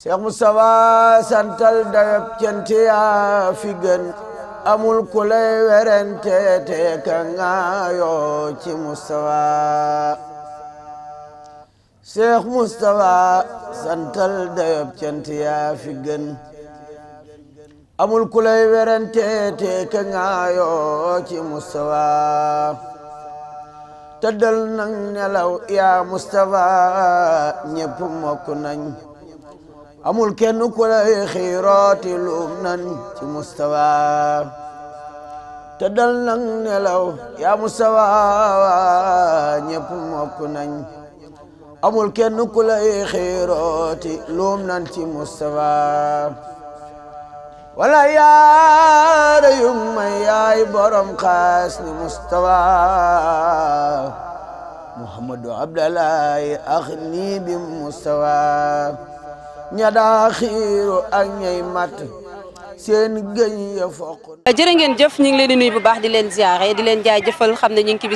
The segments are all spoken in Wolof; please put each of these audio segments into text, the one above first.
Seex Mustapha santal dayab cant yaa fi gën amul ku lay te ka ngaayoo ci Mustapha fi gën amul ku lay werante te ka ngaayoo ci nelaw yaa Mustapha ñépp mokk nañ amul kenn ku lay xiiraati luum nan ci mustawa te dal nang nelaw yaa mustawa ñépp mokk nañ amul kenn ku lay xiiraati luum nan ci mustawa wala yaara yu may yaay borom xaas ni mustawa muhammadu abdalahi ax nii bi ña daa xiiru ak ñay seen gëñ ya foq jërë ngeen jëf ñu ngi leen di bu baax di leen ziare di leen jaajëfal xam ne ñu ngi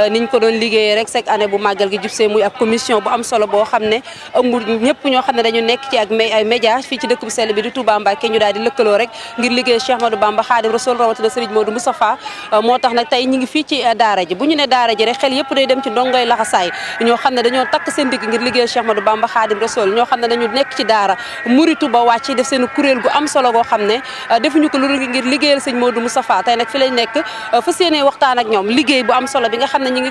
euh, ko doon liggéeyee rek chaque année bu màggal gi jub muy ab commission bu am solo boo xam ne ëmb ñëpp ñoo xam ne dañu nekk ci euh, euh, daara ji muri Touba wàcc def seen kuréel gu am solo goo xam ne euh, defuñu ko lu ngir liggéeyal sëñ Modou Moustapha tey nag fi lañ nekk euh, fas yéene waxtaan ak ñoom liggéey bu am solo bi nga xam ne ñi ngi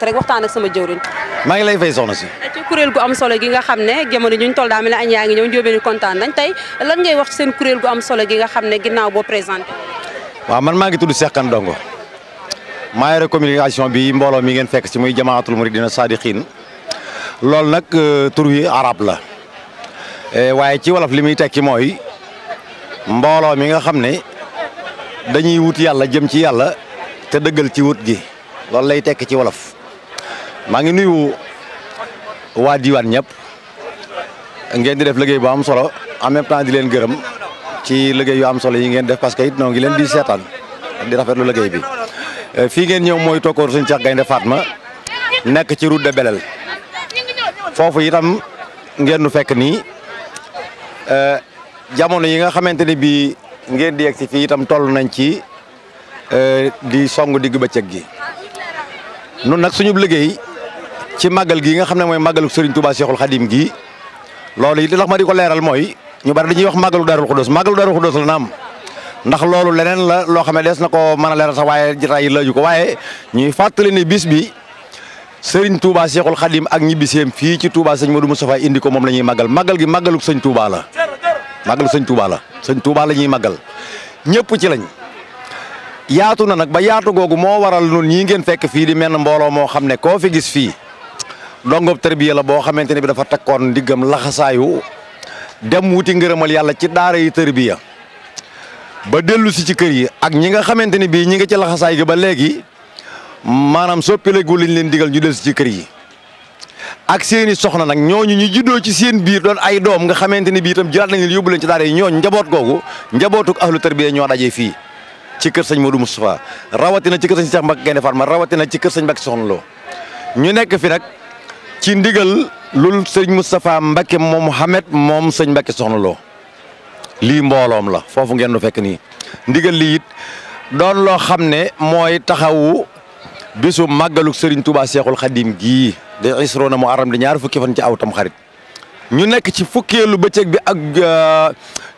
rek waxtaan ak sama jëwriñ maa ngi lay fay soxna si ci kuréel gu am solo gi nga xam ne jamono ñu toll daa mel añ yaa ngi ñëw njóobeen kontaan kontaan nañ lañ lan ngay wax ci seen kuréel gu am solo gi nga xam ne ginnaaw boo présenté. waaw man maa ngi tudd Cheikh Dongo maa communication bi mbooloo mi ngeen fekk ci muy jamaatul saadi sadiqin loolu nag euh, tur wi arab la waaye ci wolof li muy tekki mooy mbooloo mi nga xam ne dañuy wut yàlla jëm ci yàlla te dëggal ci wut gi loolu lay tekki ci wolof maa ngi nuyu waa diwaan ñëpp. ngeen di def liggéey bu am solo en même temps di leen gërëm ci liggéey yu am solo yi ngeen def parce que it noo ngi leen di seetaan di rafetlu liggéey bi. Euh, fii ngeen ñëw mooy tokkooru Sëñ Cheikh Gaynde Fatma nekk ci ruut de Belel foofu itam ngeen nu fekk nii euh, jamono yi nga xamante ni bii ngeen di yegg si fii itam toll nañ ci euh, di song digg bëccëg gi. nun nag suñu liggéey ci màggal gi nga xam ne mooy màggalu Serigne Touba Cheikhul Khadim gi loolu it li tax ma di ko leeral mooy ñu bari ñuy wax màggalu Daarul Xudoos màggalu Daarul Xudoos la naam ndax loolu leneen la loo xam ne des na ko mën a leeral sax waaye jotaay yi laaju ko waaye ñuy fàttali ne bis bi sëriñ Touba Cheikhul Khadim ak ñibbiseem fii ci Touba sëñ Modou Moustapha indi ko moom lañuy ñuy màggal gi màggalu sëñ Touba la màggalu sëñ Touba la sëñ Touba la ñuy màggal ñëpp ci lañ yaatu na nag ba yaatu googu moo waral nun ñii ngeen fekk fii di menn mbooloo moo xam ne koo fi gis fii dongob tarbiya la boo xamante ne bi dafa takkoon diggam laxasaayu dem wuti ngërëmal yàlla ci daara yi tarbiya ba dellu si ci kër yi ak ñi nga xamante ni bii ñi nga ci laxasaay gi ba léegi maanaam soppileegu lañ leen digal ñu dellu ci kër yi ak seeni soxna nag ñooñu ñu juddoo ci seen biir doon ay doom nga xamante ne bii tam jëlaat nañ yóbbu leen ci daara yi ñooñu njaboot googu njabootuk ahlu tarbiya ñoo dajee fii ci kër sëñ Modou Moustapha rawatina ci kër sëñ Cheikh Mbacke Gaïndé Fatma rawatina ci kër sëñ Mbacke Soxna Lo ci ndigal lul sëñ Moustapha Mbacke moom Mouhamed moom sëñ Mbacke soxna loo lii mbooloom la foofu ngeen du fekk nii ndigal lii it doon loo xam ne mooy taxawu bisu màggaluk sëriñ Touba Seexul Xadim gi day isro mu aram di ñaar fukki fan ci aw tam xarit ñu nekk ci fukkeelu bëccëg bi ak euh,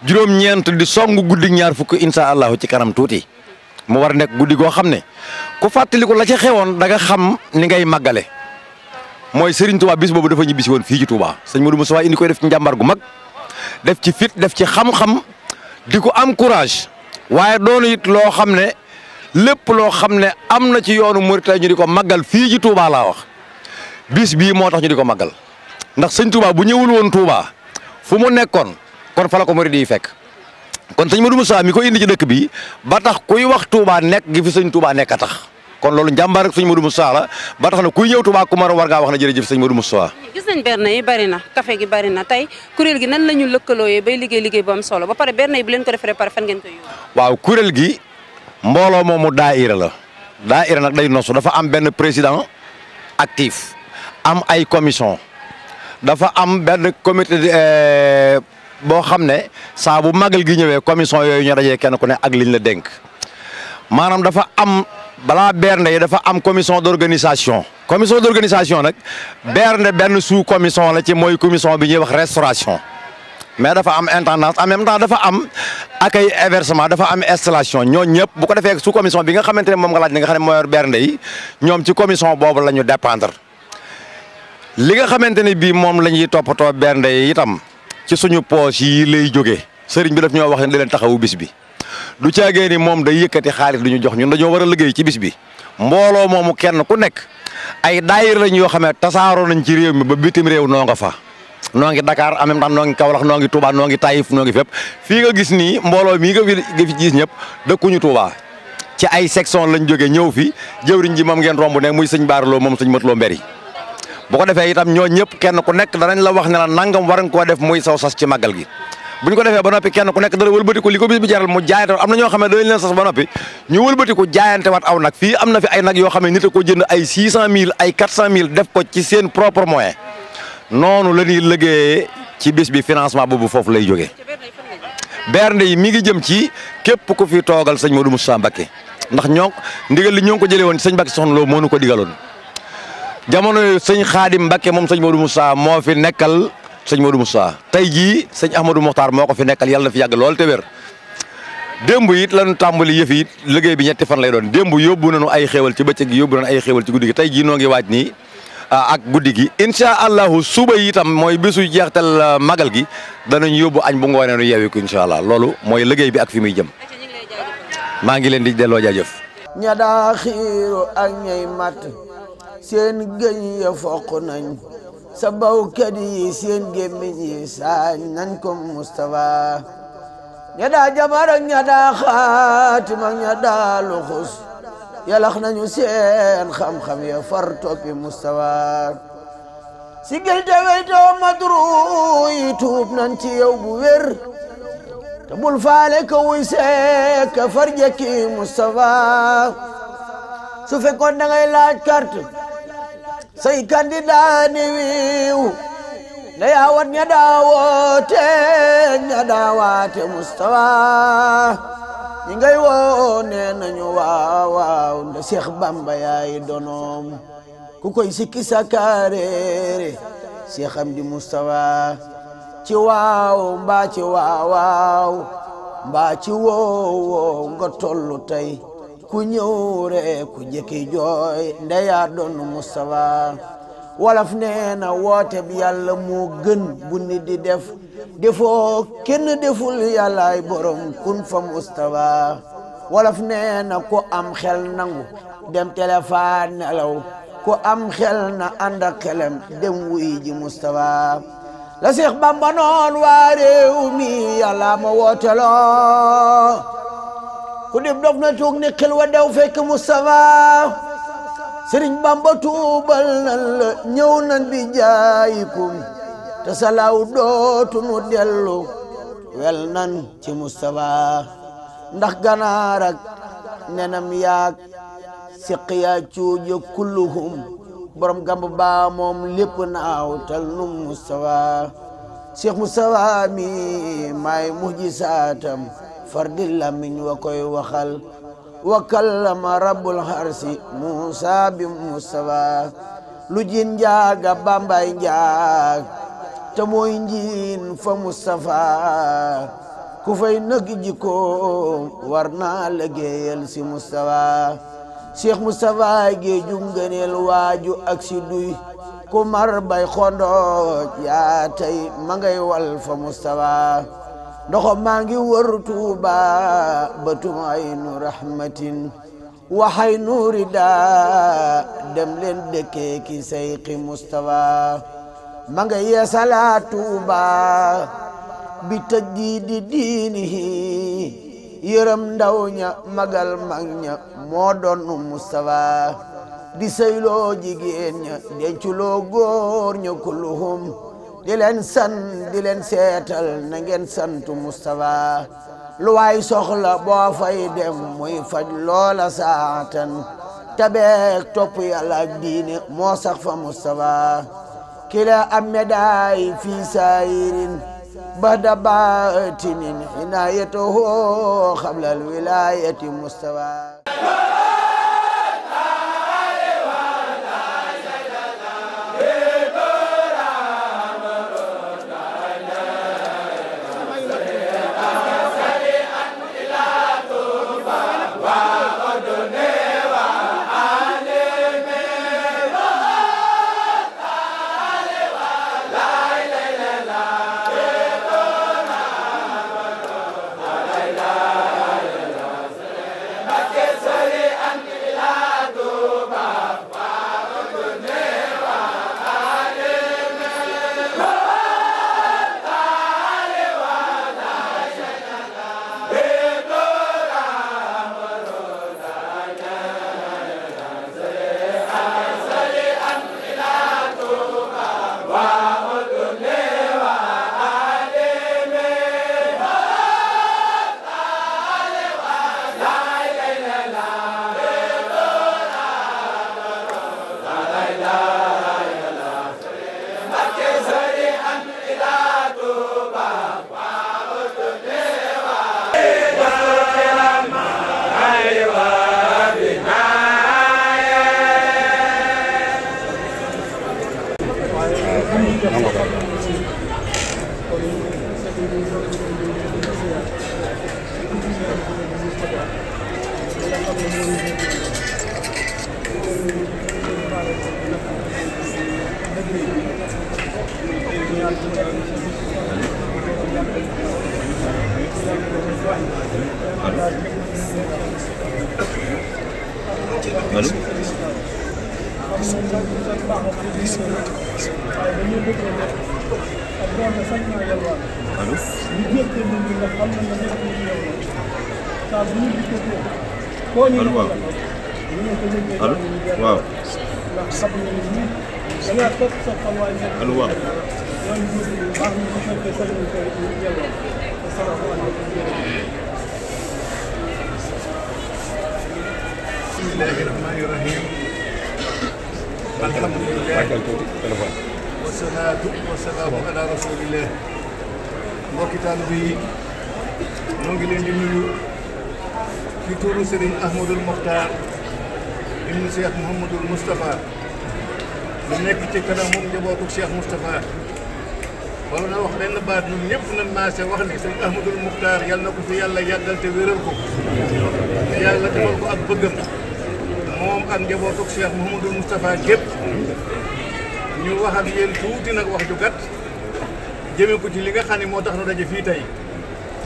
juróom-ñeent di song guddi ñaar fukki insha allahu ci kanam tuuti mu war nekk guddi goo xam ne ku fàttaliku la ca xewoon da xam ni ngay màggale mooy Serigne Touba bis boobu dafa bisi woon fii ci Touba sëñ ma Moustapha indi koy def ci njàmbaar gu mag def ci fit def ci xam-xam di ko am courage waaye doonu it loo xam ne lépp loo xam ne am na ci yoonu Mauritanie ñu di ko màggal fii ci Touba laa wax bis bii moo tax ñu di ko màggal ndax sëñ Touba bu ñëwul woon Touba fu mu nekkoon kon fa la ko murid yi fekk kon sëñ Modou Moustapha mi ko indi ci dëkk bi ba tax kuy wax Touba nekk gi fi sëñ Touba nekk a tax. kon loolu njàmbaar ak sëñ Modou Moustapha la ba tax na kuy ñëw Touba Koumar war ngaa wax na jërëjëf sëñ Modou Moustapha gis nañ berne yi bari na café gi bari na tey kuréel gi nan la ñu lëkkalooyee bay liggéey liggéey bu solo ba pare berne yi bu leen ko defee pare fan ngeen koy waaw kuréel gi mbooloo moomu daayira la daayira nag day nosu dafa am benn président actif am ay commission dafa am benn comité euh, boo xam ne saa bu magal gi ñëwee commission yooyu ñu dajee kenn ku ne ak liñ la dénk maanaam dafa am balaa bernde yi dafa am commission d'organisation commission d'organisation nag bernde benn sous commission la ci mooy commission bi ñuy wax restauration mais dafa am intendance en même temps dafa am accueil hébergement dafa am installation ñoo ñëpp bu ko defee sous commission bi nga xamante ne moom nga laaj ne nga xam ne ñoom ci commission boobu la ñu dépendre li nga xamante ne bii moom la ñuy toppatoo bernde yi itam ci suñu poche yi lay jógee sëriñ bi daf ñoo wax ne di leen taxawu bis bi du caagee ni moom day yëkkati xaalis du ñu jox ñun dañoo war a liggéey ci bis bi mbooloo moom kenn ku nekk ay daayir lañ yoo xam ne tasaaroo nañ ci réew mi ba bitim réew noo fa. noo ngi Dakar en même temps noo ngi Kaolack noo ngi Touba noo ngi Taïf noo ngi fii nga gis nii mbooloo mii nga fi gis ñëpp dëkkuñu Touba ci ay section lañ jógee ñëw fi jëwriñ ji moom ngeen romb ne muy sëñ Baarloo moom sëñ Matloo Mbéri bu ko defee itam ñoo ñëpp kenn ku nekk danañ la wax ne nangam war nga koo def muy saw sas ci màggal gi bu ñu ko defee ba noppi kenn ku nekk dara wëlbatiku li ko bis bi jaral mu jaayante am na ñoo xam leen sas ba noppi ñu jaayante wat aw nag fii am na fi ay nag yoo xam ne nit a ko jënd ay 600000 ay 400000 def ko ci seen propre moyen noonu la ñuy liggéeyee ci bis bi financement boobu foofu lay jógee. bernde yi mi ngi jëm ci képp ku fi toogal sëñ Modou Moussa Mbacké ndax ñoo ndigal li ñoo ko jëlee woon ci sëñ Mbacké soxna loo moo nu ko digaloon jamono sëñ Xaadim Mbacké moom sëñ Modou Moussa moo fi nekkal sëñ Modou saa tey jii sëñ Ahmadou Mokhtar moo ko fi nekkal yàlla na fi yàgg lool te wér démb it lañu tàmbali yëf it liggéey bi ñetti fan lay doon démb yóbbu nañu ay xewel ci bëccëg gi yóbbu nañu ay xéewal ci guddi gi tey jii noo ngi waaj nii ak guddi gi incha allahu suba itam mooy bisu jeextal magal gi danañ yóbbu añ bu ngoonee nu yeewiku incha allah loolu mooy liggéey bi ak fi muy jëm maa ngi leen di delloo jaajëf. ña xiiru ak ñay seen gëñ ya nañ. sa bawkat yi seen gémmiñ yi saañ nan ko Mustafa ña daa jamar ak ña daa xaatim nañu seen xam-xam ya far toppi Mustafa sigil te weytoo madru yi tuub nan ci yow bu wér te bul faale ko wuy seek ka far jekki Mustafa su fekkoon da ngay laaj carte sey candidat ni wiiw ne yaa wat ña eh? daawoote ña daawaate eh, Mustafa ñi ngay woo nee eh, nañu waaw nda Seex Bamba yaay donoom ku koy sikki sakaareere Seex Amdi Mustafa ci waaw mbaa ci waaw waaw ci woo woo nga tollu tey ku ñëw ree ku jëkki jooy ndeyaa doon Mustafa wolof nee na woote bi yàlla moo gën bu nit di def defoo kenn deful yàllaay borom kun fa Mustafa wolof nee na ko am xel nangu dem telefaan nelaw ku am xel na ànd ak dem wuy ji Mustafa la Seex Bamba noon waa réew yàlla ma wooteloo ku dib dof na tuug ni xil wa dew fekk Mustafa Sëriñ Bamba tuubal nan la ñëw nan bi jaayikum te salaaw dootu nu dellu wel nan ci Mustafa ndax ganaar ak nenam yaak siqiya cuuja kulluhum borom gamba baa moom lépp naaw tal nu Mustafa Cheikh Mustafa mi maay mujjisaatam fardi lamiñ wa koy waxal wa kallama rabbul harsi musa bi mustafa lu jin njaaga bambay njaag te mooy njiin fa mustafa ku fay nag jikkoom war naa liggéeyal si mustafa cheikh mustafa gee junganeel waaju ak si duy ku mar bay xondooj yaa tey ma wal fa mustafa ndoxom maa ngi wër tuuba batum aynu rahmatin waxay nuuri daa dem leen dëkkee ki sayqi mustafa ma nga yeesalaa tuuba bi tajdiidi diinihi yërëm ndaw ña magal mag ña moo doonu mustafa di sayloo jigéen ña denculoo góor ña kulluhum di leen san di leen seetal na ngeen santu Moustapha lu waay soxla boo fay dem muy faj loola saatan tabeek topp yàlla ak diine fa Moustapha kila am médaay fi saayirin bada baatinin inaayatahoo xablal wilaayati Moustapha allo waaw allo waaw allo waaw. bismillahi rahmani rahim alhamdulilah wasalaatu wasalaamu ala rasulillah mbokki taalibe yi ñoo ngi leen di nuyu ci tuuru Serigne Ahmadul Mokhtar ibnu Cheikh Mouhamadul Moustapha lu nekk ci kanamu njabootu Cheikh Moustapha wala na wax benn baat ñun ñëpp nañ maase wax ni Serigne Ahmadul Mokhtar yàlla na ko fi yàlla yàggal te wéral ko yàlla defal ko ak bëggam moom ak njabootu Cheikh Mouhamadul Moustapha gépp ñu wax ak yéen tuuti nag wax ju gàtt jëmee ko ci li nga xam ne moo tax nu daje fii tey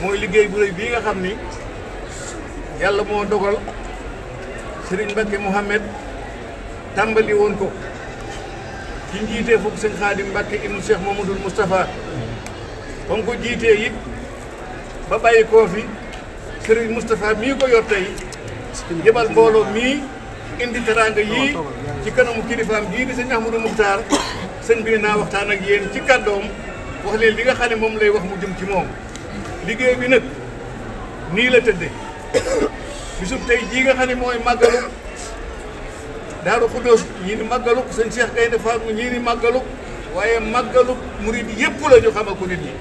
mooy liggéey bu rëy bii nga xam ni yàlla moo dogal Serigne Mbacké Mouhamed tàmbali woon ko ci njiitee fukk sëñ Xaadim Mbacké ibnu Cheikh Mamadou Moustapha ba ko jiitee it ba bàyyi koo fi Serigne Moustapha mii ko yor tey jëbal mbooloo mii indi teraanga yii ci kanamu kilifaam jii di sëñ Ahmadou Moukhtar sëñ bi naa waxtaan ak yéen ci kàddoom wax leen li nga xam ne moom lay wax mu jëm ci moom liggéey bi nag nii la tëddee. bisub tey jii nga xam ne mooy màggalu Daaru Xuddoos ñii ni màggalu sëñ Cheikh Gaynde Fatma ñii ni màggalu waaye màggalu murid yëpp la ñu xamal ko nit ñi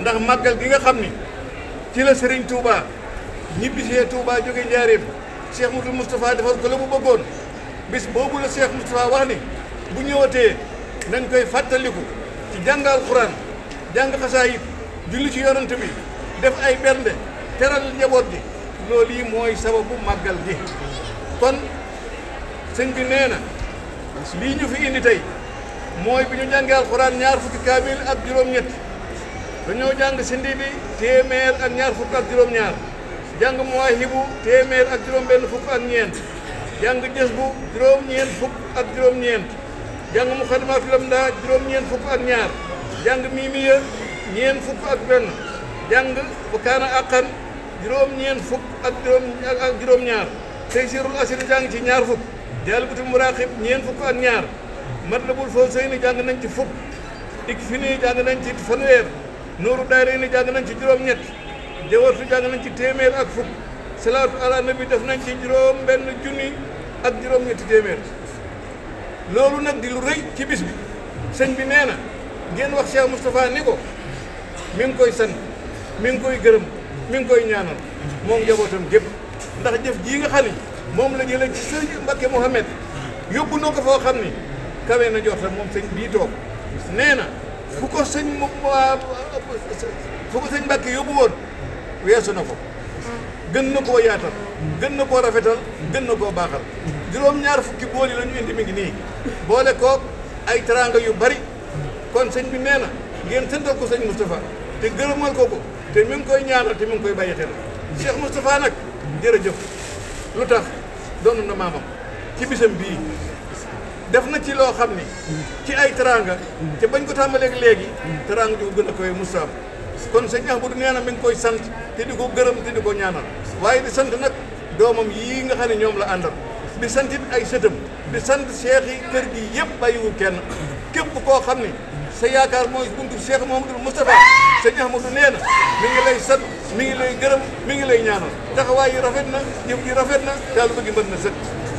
ndax màggal gi nga xam ni ci la Serigne Touba ñibbisee Touba jóge Njaaréem Cheikh Moudou Moustapha defar ko la mu bëggoon bis boobu la Cheikh Moustapha wax ni bu ñëwatee nañ koy fàttaliku ci jàng alxuraan jàng xasaayit julli ci yonent bi def ay bernde teral njaboot gi loolu mooy sababu màggal gi kon sëñ bi lii ñu fi indi tey mooy bi ñu jàngee alxuraan ñaar fukki kaamil ak juróom-ñett dañoo jàng sindi bi téeméer ak ñaar fukk ak juróom-ñaar jàng muwaahibu téeméer ak juróom-benn fukk ak ñeent jàng jës juróom-ñeent fukk ak juróom-ñeent jàng muxadimaatul amdaa juróom-ñeent fukk ak ñaar jàng miimiya ñeent fukk ak benn jàng bu kaana aqan juróom-ñeent fukk ak juróom ak juróom-ñaar Taysirul Asir jàng ci ñaar fukk Jalbatul Muraqib ñeent fukk ak ñaar Matlabul Fawzayni jàng nañ ci fukk ni jàng nañ ci fanweer Nuuru Daarayni jàng nañ ci juróom-ñett Jawartu jàng nañ ci téeméer ak fukk Salaatu ala nabi def nañ ci juróom benn junni ak juróom-ñetti téeméer loolu nag di lu rëy ci bis bi sëñ bi nee na ngeen wax Cheikh Moustapha ni ko mi ngi koy sant mi ngi koy gërëm mi ngi koy ñaanal moom njabootam gépp ndax jëf jii nga xam ni moom la jëlee ci sëñ Mbakke Mouhamed yóbbu na ko foo xam ni kawe na jox tam moom sëñ bii toog nee na fu ko sëñ mu fu ko sëñ Mbakke yóbbu woon weesu na ko gën na koo yaatal gën na koo rafetal gën na koo baaxal juróom ñaar fukki bool yi la ñu indi mi nii boole ko ay teraanga yu bari kon sëñ bi nee na ngeen santal ko sëñ Moustapha te gërëmal ko ko te mi ngi koy ñaanal te mu ngi koy bàyyi xel Cheikh Moustapha nag jërëjëf lu tax doon na maamam ci bisam bii def na ci loo xam ni ci ay teraanga te bañ ko tàmbaleeg léegi teraanga ju gën a koy Moustapha kon sëñ Ahmadou nee na mi ngi koy sant te di ko gërëm te di ko ñaanal waaye di sant nag doomam yii nga xam ne ñoom la àndal di santit ay sëtam di sant cheikh yi kër gi yëpp bàyyiwu kenn képp koo xam ni sa yaakaar mooy buntu Cheikh Mouhamadou Moustapha sëñ Ahmadou nee na mi ngi lay sant mi ngi lay gërëm mi ngi lay ñaanal taxawaay yi rafet na jëf rafet na daal bëgg mën na sët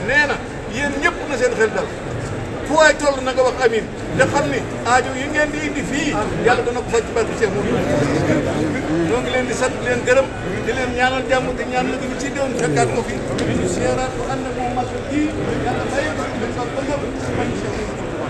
nee na yéen ñëpp na seen xel dal fu waay toll na nga wax amin te ni aajo yi ngeen di indi fii yàlla dana ko faj ci barke Cheikh Mouhamadou leen di sat leen gërëm di leen ñaanal jàmm di ñaan la gi ci déwén fekkaat ko fi ñu seeraat ko ànd ak moom mat kii yàlla maye ko dañ ko bëgg